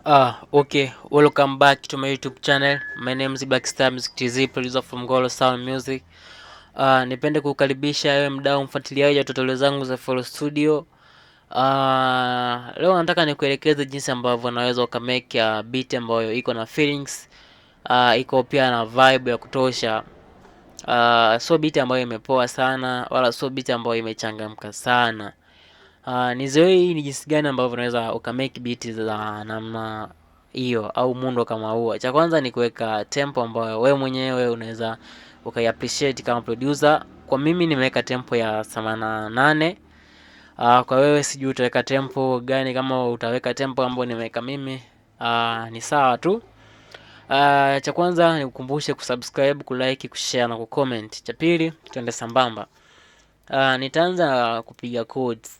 Uh, okay, welcome back to my YouTube channel. My name is Blackstar Music TZ, producer from Golo Sound Music. Uh, nipende kukaribisha wewe mdau mfuatiliaji wa tutorial zangu za Follow Studio. Uh, leo nataka nikuelekeze jinsi ambavyo unaweza ukamake uh, beat ambayo iko na feelings, uh, iko pia na vibe ya kutosha. Uh, so beat ambayo imepoa sana wala so beat ambayo imechangamka sana. Uh, ni zoe hii ni jinsi gani ambavyo unaweza uka make beat za namna hiyo au muundo kama huo. Cha kwanza ni kuweka tempo ambayo wewe mwenyewe unaweza ukai appreciate kama producer. Kwa mimi nimeweka tempo ya 88. Uh, ah, kwa wewe sijui utaweka tempo gani, kama utaweka tempo ambayo nimeweka mimi uh, ni sawa tu. Uh, cha kwanza ni kukumbushe kusubscribe, kulike, kushare na kucomment. Cha pili, tuende sambamba. Uh, nitaanza kupiga codes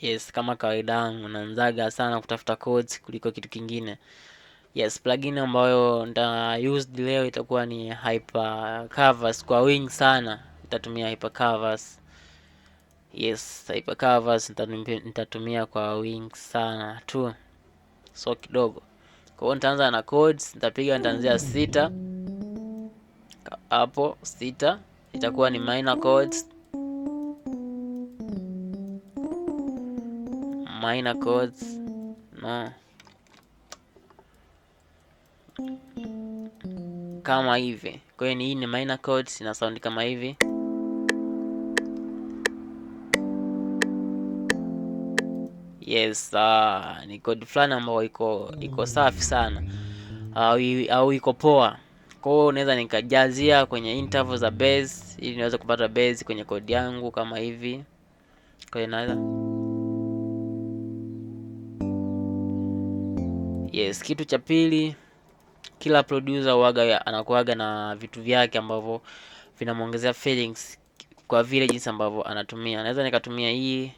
Yes, kama kawaida yangu naanzaga sana kutafuta codes kuliko kitu kingine. Yes, plugin ambayo nita used leo itakuwa ni Hypercanvas kwa wingi sana. Nitatumia Hypercanvas. Yes, Hypercanvas nitatumia kwa wingi sana tu. So kidogo. Kwa hiyo nitaanza na codes, nitapiga nitaanzia sita. Hapo sita itakuwa ni minor chords. minor chords. No. Kama hivi. Kwa hiyo ni hii ni minor chords na sound kama hivi. Yes, uh, ni chord fulani ambayo iko iko safi sana au au iko poa. Kwa hiyo unaweza nikajazia kwenye interval za bass ili niweze kupata bass kwenye chord yangu kama hivi. Kwa hiyo naweza Yes, kitu cha pili, kila producer huaga anakuaga na vitu vyake ambavyo vinamwongezea feelings kwa vile jinsi ambavyo anatumia. Naweza nikatumia hii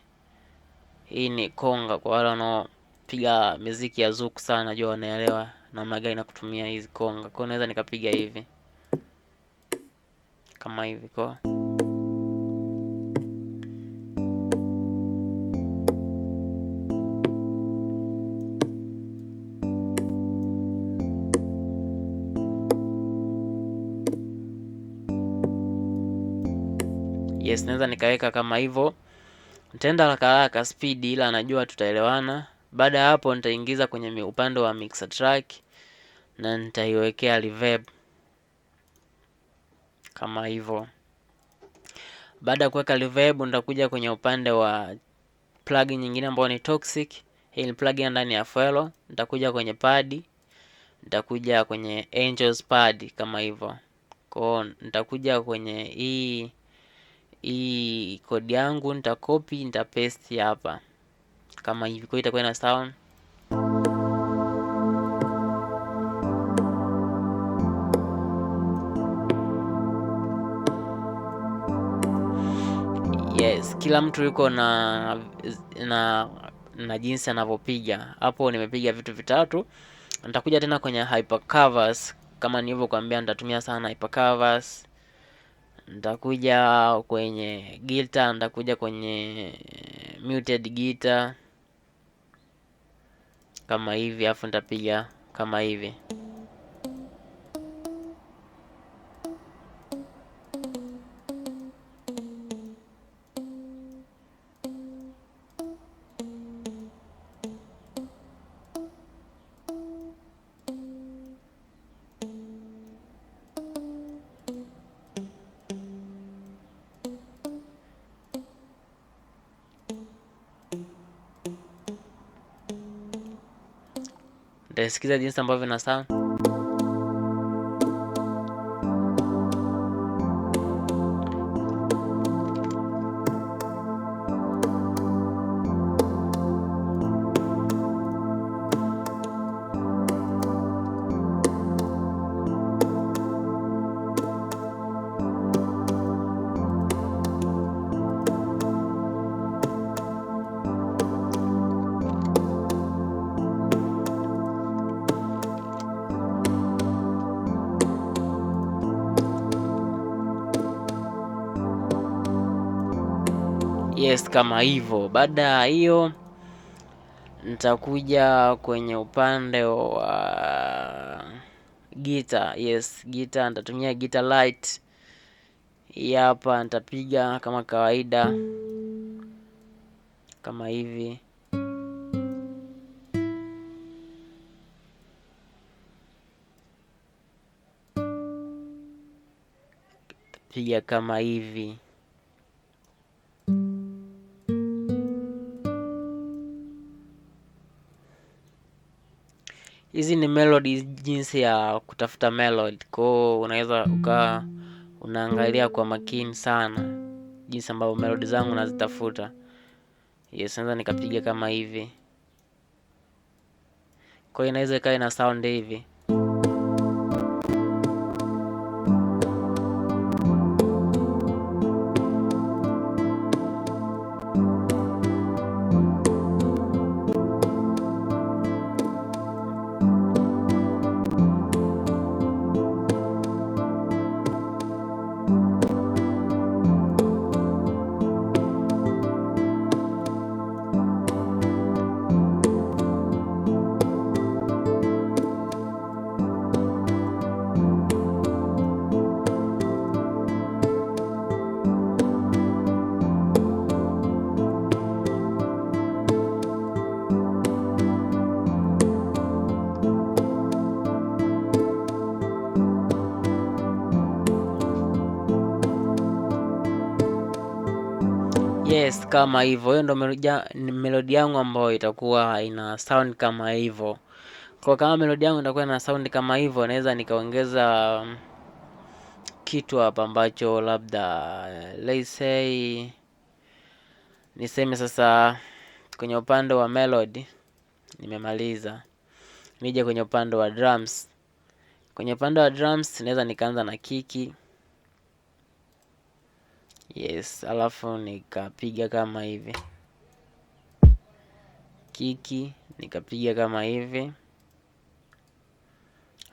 hii ni konga, kwa wale wanaopiga muziki ya zuku sana, najua wanaelewa namna gani na kutumia hizi konga. Kwa hiyo naweza nikapiga hivi kama hivi kwa Yes, naweza nikaweka kama hivyo. Nitaenda haraka haraka speed, ila najua tutaelewana. Baada ya hapo, nitaingiza kwenye upande wa mixer track na nitaiwekea reverb kama hivyo. Baada ya kuweka reverb, nitakuja kwenye upande wa plugin nyingine ambayo ni toxic. Hii ni plugin ndani ya Fuelo. Nitakuja kwenye pad, nitakuja kwenye angels pad kama hivyo. Kwa nitakuja kwenye hii hii kodi yangu nita nita paste hapa kama hivi, kwa itakuwa na sawa. Yes, kila mtu yuko na na na jinsi anavyopiga. Hapo nimepiga vitu vitatu. Nitakuja tena kwenye hypercovers kama nilivyokuambia, nitatumia sana hypercovers nitakuja kwenye guitar, nitakuja kwenye eh, muted guitar kama hivi, afu nitapiga kama hivi. pesquisadinho é, estão tá movimentando Yes, kama hivyo. Baada ya hiyo nitakuja kwenye upande wa gita. Yes, gita nitatumia gita light hii hapa, nitapiga kama kawaida kama hivi. Piga kama hivi. hizi ni melody, jinsi ya kutafuta melody. Kwao unaweza ukaa unaangalia kwa makini sana jinsi ambavyo melody zangu nazitafuta. Yes, naweza nikapiga kama hivi, kwa hiyo inaweza ikawa ina sound hivi. kama hivyo. Hiyo ndo melodi yangu ambayo itakuwa ina sound kama hivyo. Kwa kama melodi yangu itakuwa ina sound kama hivyo, naweza nikaongeza mm, kitu hapa ambacho labda eh, let's say niseme sasa, kwenye upande wa melody nimemaliza, nije kwenye upande wa drums. Kwenye upande wa drums naweza nikaanza na kiki Yes, alafu nikapiga kama hivi kiki, nikapiga kama hivi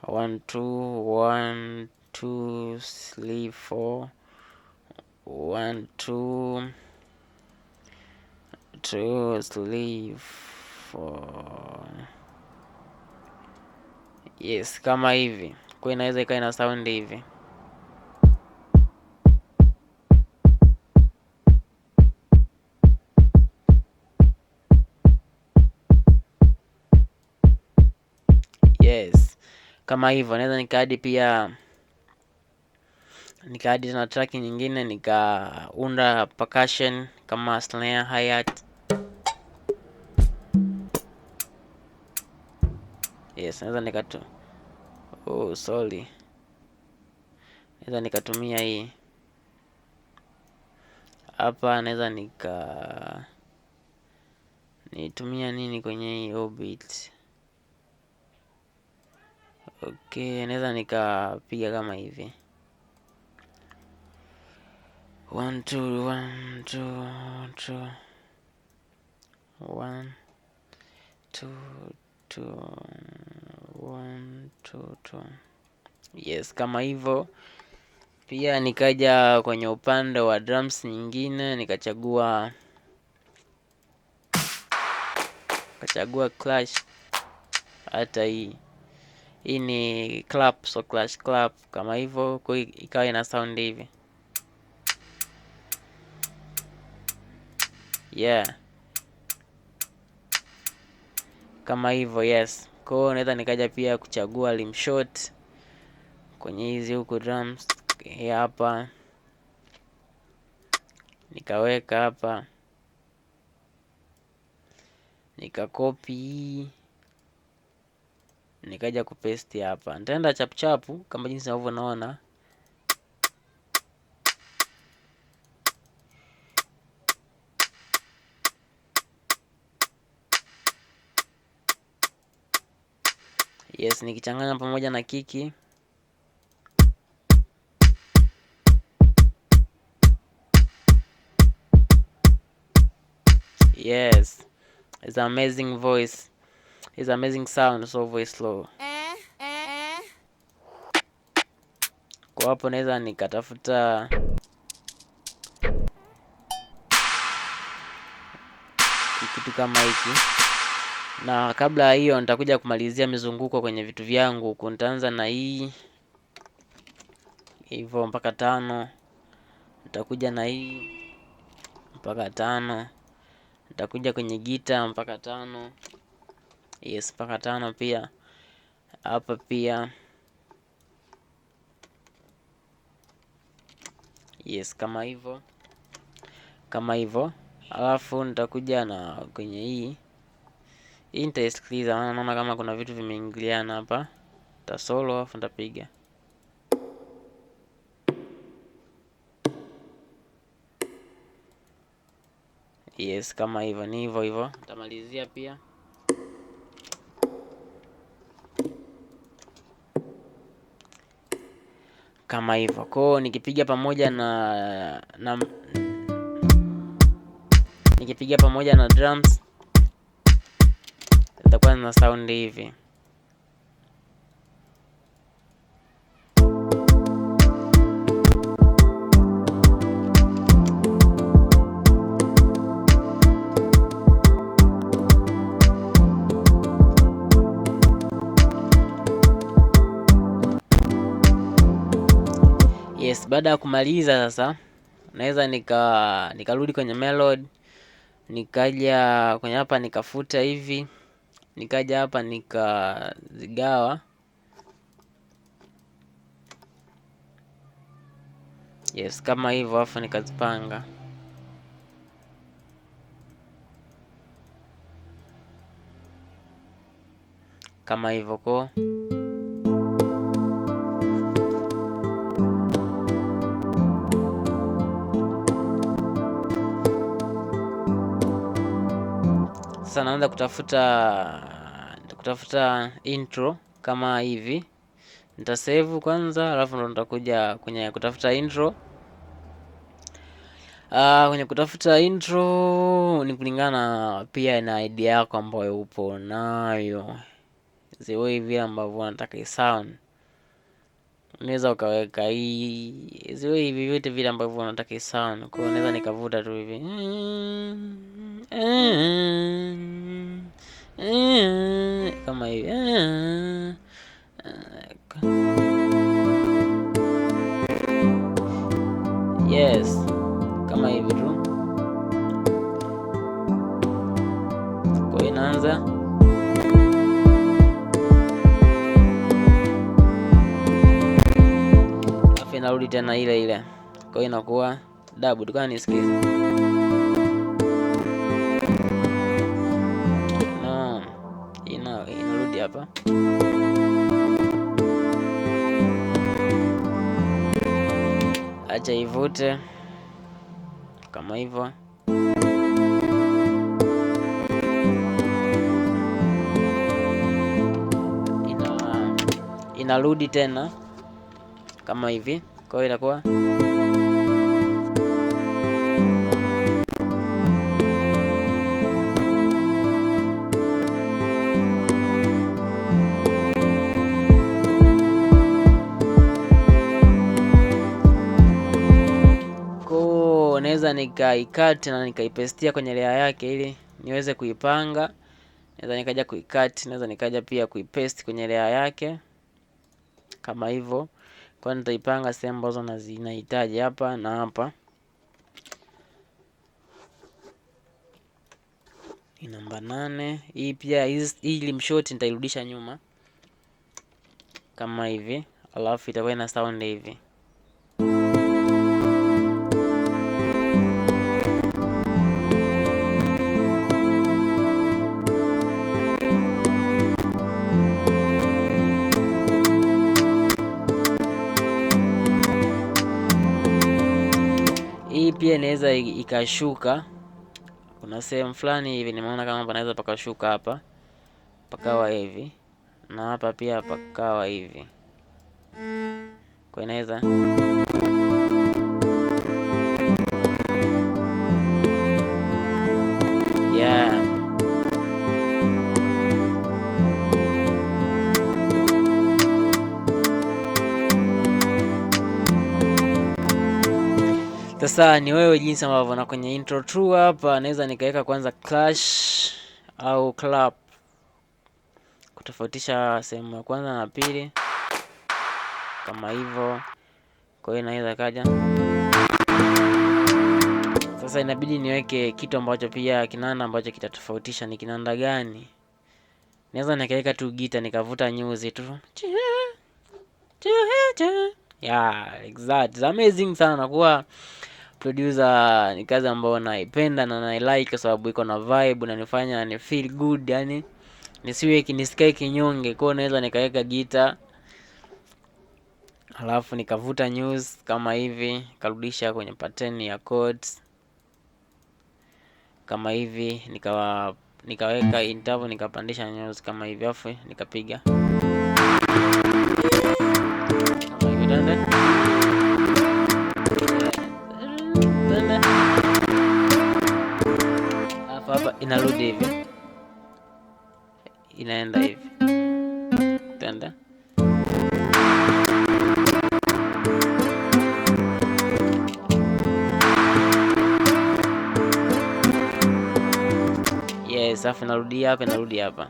one two one two three four one two two three four. Yes, kama hivi kwa, inaweza ikawa ina saundi hivi. kama hivyo. Naweza nikaadi pia nikaadi na track nyingine nikaunda percussion kama snare, hi-hat. Yes, naweza nikatu oh, sorry, naweza nikatumia hii hapa, naweza nika nitumia nini kwenye hii orbit oh, Okay, naweza nikapiga kama hivi one two one two two one two two one two two. Yes, kama hivyo. Pia nikaja kwenye upande wa drums nyingine nikachagua kachagua clash hata hii hii ni clap, so clash clap kama hivyo, kwa ikawa ina sound hivi yeah, kama hivyo yes. Kwa hiyo naweza nikaja pia kuchagua rimshot kwenye hizi huku drums hapa, nikaweka hapa, nikakopi hii nikaja kupaste hapa. Nitaenda chapuchapu kama jinsi naona Yes, nikichanganya pamoja na kiki Yes, it's amazing voice. His amazing sound so very slow. Kwa hapo naweza nikatafuta kitu kama hiki, na kabla ya hiyo nitakuja kumalizia mizunguko kwenye vitu vyangu huku. Nitaanza na hii hivyo mpaka tano, nitakuja na hii mpaka tano, nitakuja kwenye gita mpaka tano. Yes, mpaka tano pia. Hapa pia yes, kama hivyo, kama hivyo. Alafu nitakuja na kwenye hii hii nitaisikiliza, maana naona kama kuna vitu vimeingiliana hapa. solo alafu nitapiga yes, kama hivyo, ni hivyo hivyo, nitamalizia pia kama hivyo. Kwa hiyo nikipiga pamoja na, na nikipiga pamoja na drums itakuwa na sound hivi. Yes, baada ya kumaliza sasa naweza nika nikarudi kwenye melody nikaja kwenye hapa nikafuta hivi nikaja hapa nikazigawa. Yes, kama hivyo, afu nikazipanga. Kama hivyo ko Sasa naanza kutafuta kutafuta intro kama hivi, nitasave kwanza, alafu ndo nitakuja kwenye kutafuta intro. Uh, kwenye kutafuta intro ni kulingana pia na idea yako ambayo upo nayo, the way vile ambavyo unataka sound unaweza ukaweka hii ziwe hivi vyote vile ambavyo unataka sana. Kwa hiyo unaweza nikavuta tu hivi kama hivi yes, kama hivi tu, kwa hiyo inaanza inarudi tena ile ile, kwa hiyo inakuwa dabu. Tukana nisikize ina inarudi hapa Acha ivute kama hivyo, inarudi tena kama hivi, kwa hiyo inakuwa naweza nikaikati na nikaipestia kwenye layer yake ili niweze kuipanga. Naweza nikaja kuikati, naweza nikaja pia kuipaste kwenye layer yake kama hivyo. Kwa nitaipanga sehemu ambazo nazinahitaji hapa na hapa. Ni namba nane hii pia, hii limshoti nitairudisha nyuma kama hivi, alafu itakuwa ina sound hivi. pia inaweza ikashuka. Kuna sehemu fulani hivi nimeona kama panaweza pakashuka hapa pakawa mm. hivi na hapa pia pakawa hivi kwa inaweza Sasa ni wewe jinsi ambavyo, na kwenye intro tu hapa naweza nikaweka kwanza clash au clap kutofautisha sehemu ya kwanza na pili, kama hivyo. Kwa hiyo inaweza kaja sasa, inabidi niweke kitu ambacho pia kinanda ambacho kitatofautisha ni kinanda gani. Naweza nikaweka tu gita nikavuta nyuzi tu yeah, exact. It's amazing sana nakuwa producer ni kazi ambayo naipenda na nailike kwa sababu iko na vibe na nifanya ni feel good, yani nisiwe nisikae kinyonge. Kwa naweza nikaweka gita halafu nikavuta news kama hivi, karudisha kwenye pattern ya chords kama hivi, nikawa nikaweka interval nikapandisha news kama hivi, afu nikapiga hapa inarudi hivi, inaenda hivi, tenda yes, afu inarudi hapa, inarudi hapa.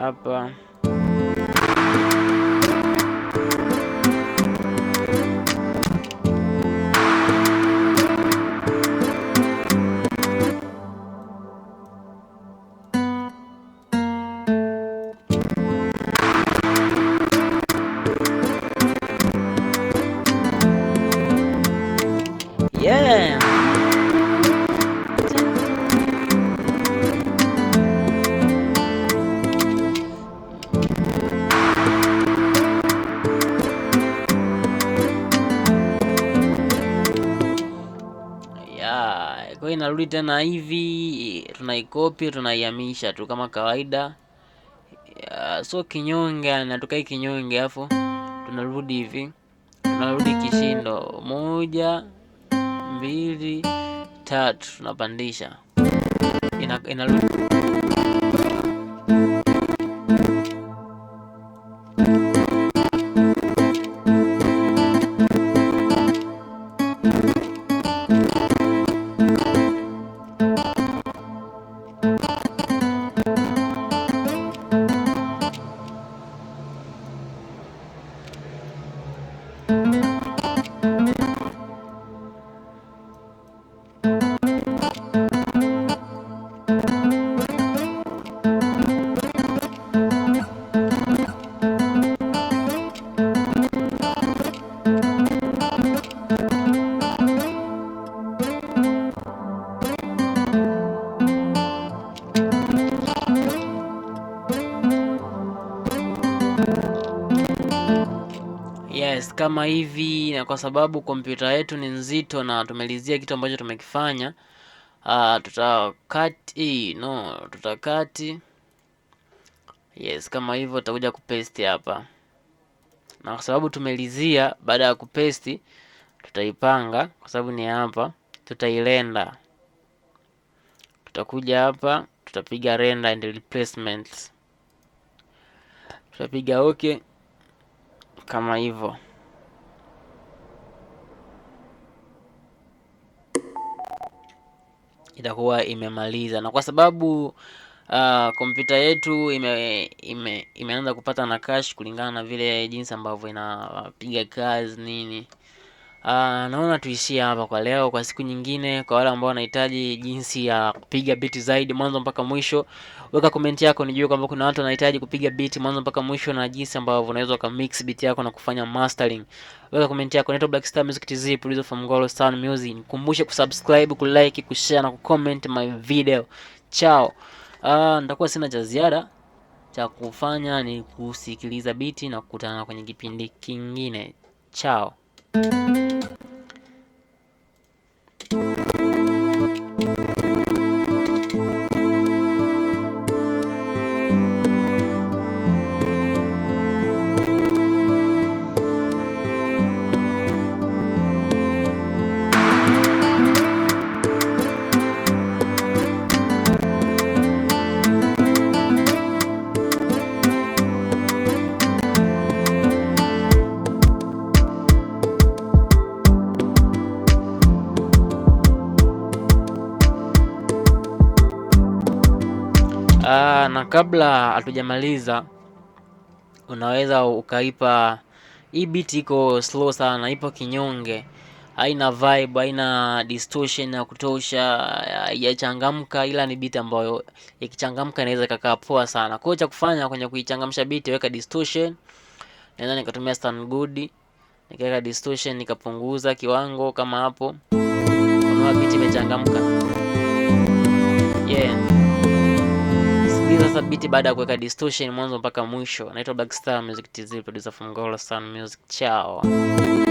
hapa hiyo inarudi tena hivi, tunaikopi tunaihamisha tu kama kawaida. so kinyonge na tukai kinyonge, afu tunarudi hivi, tunarudi kishindo, moja mbili tatu, tunapandisha ina, kama hivi, na kwa sababu kompyuta yetu ni nzito na tumelizia kitu ambacho tumekifanya, uh, tutakati no, tutakati yes, kama hivyo tutakuja kupaste hapa, na kwa sababu tumelizia, baada ya kupaste tutaipanga kwa sababu ni hapa, tutairenda, tutakuja hapa, tutapiga render and replacements, tutapiga okay kama hivyo. itakuwa imemaliza, na kwa sababu ah, kompyuta uh, yetu ime, ime, imeanza kupata na cache kulingana na vile jinsi ambavyo inapiga kazi nini. Uh, naona tuishie hapa kwa leo. Kwa siku nyingine, kwa wale ambao wanahitaji jinsi ya kupiga biti zaidi mwanzo mpaka mwisho, weka komenti yako nijue kwamba kuna watu wanahitaji kupiga biti mwanzo mpaka mwisho na jinsi ambavyo unaweza ukamix biti yako na kufanya mastering. Weka komenti yako. Naitwa Black Star Music TZ, producer from Ngolo Sound Music. Nikumbushe kusubscribe, kulike, kushare na kucomment my video. Chao. Uh, nitakuwa sina cha ziada cha kufanya ni kusikiliza biti na kukutana kwenye kipindi kingine. Chao. thank you kabla hatujamaliza, unaweza ukaipa hii beat. Iko slow sana, ipo kinyonge, haina vibe, haina distortion ya kutosha, haijachangamka, ila ni beat ambayo ikichangamka inaweza kakaa poa sana. Kwa hiyo cha kufanya kwenye kuichangamsha beat, weka distortion. Naweza nikatumia stand good nikaweka distortion nikapunguza kiwango kama hapo, unaona beat imechangamka yeah sasa biti baada ya kuweka distortion mwanzo mpaka mwisho. Naitwa Blackstar Music TZ, producer from Gola Sound Music. Chao.